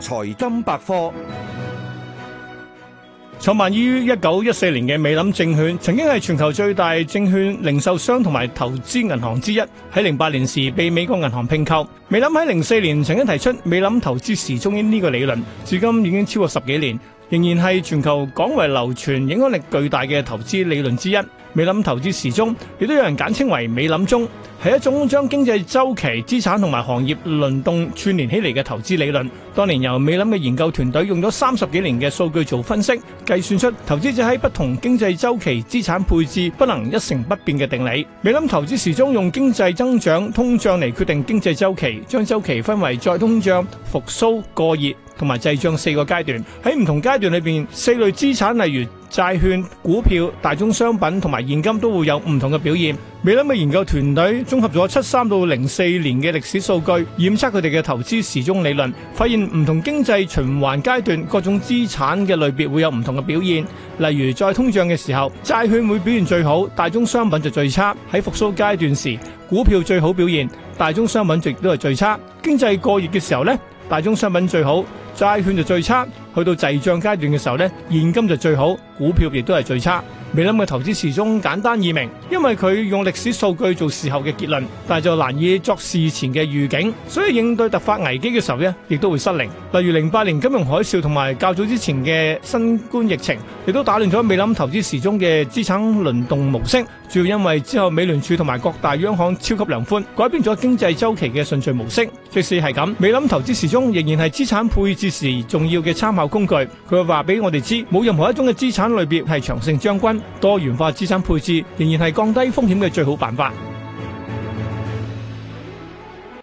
財金百科，創辦於一九一四年嘅美林證券，曾經係全球最大證券零售商同埋投資銀行之一。喺零八年時被美國銀行併購。美林喺零四年曾經提出美林投資時鐘呢個理論，至今已經超過十幾年，仍然係全球廣為流傳、影響力巨大嘅投資理論之一。美林投資時鐘，亦都有人簡稱為美林鐘，係一種將經濟周期、資產同埋行業輪動串聯起嚟嘅投資理論。當年由美林嘅研究團隊用咗三十幾年嘅數據做分析，計算出投資者喺不同經濟周期資產配置不能一成不變嘅定理。美林投資時鐘用經濟增長、通脹嚟決定經濟周期，將周期分為再通脹、復甦、過熱同埋滯脹四個階段。喺唔同階段裏邊，四類資產例如。債券、股票、大宗商品同埋現金都會有唔同嘅表現。美林嘅研究團隊綜合咗七三到零四年嘅歷史數據，檢測佢哋嘅投資時鐘理論，發現唔同經濟循環階段各種資產嘅類別會有唔同嘅表現。例如，在通脹嘅時候，債券會表現最好，大宗商品就最差；喺復蘇階段時，股票最好表現，大宗商品亦都係最差。經濟過熱嘅時候呢，大宗商品最好，債券就最差。去到滯漲階段嘅時候呢，現金就最好，股票亦都係最差。美林嘅投資時鐘簡單易明，因為佢用歷史數據做事後嘅結論，但係就難以作事前嘅預警。所以應對突發危機嘅時候呢，亦都會失靈。例如零八年金融海嘯同埋較早之前嘅新冠疫情，亦都打亂咗美林投資時鐘嘅資產輪動模式。主要因為之後美聯儲同埋各大央行超級量寬，改變咗經濟周期嘅順序模式。即使係咁，美林投資時鐘仍然係資產配置時重要嘅參考。工具，佢話俾我哋知，冇任何一種嘅資產類別係長勝將軍，多元化資產配置仍然係降低風險嘅最好辦法。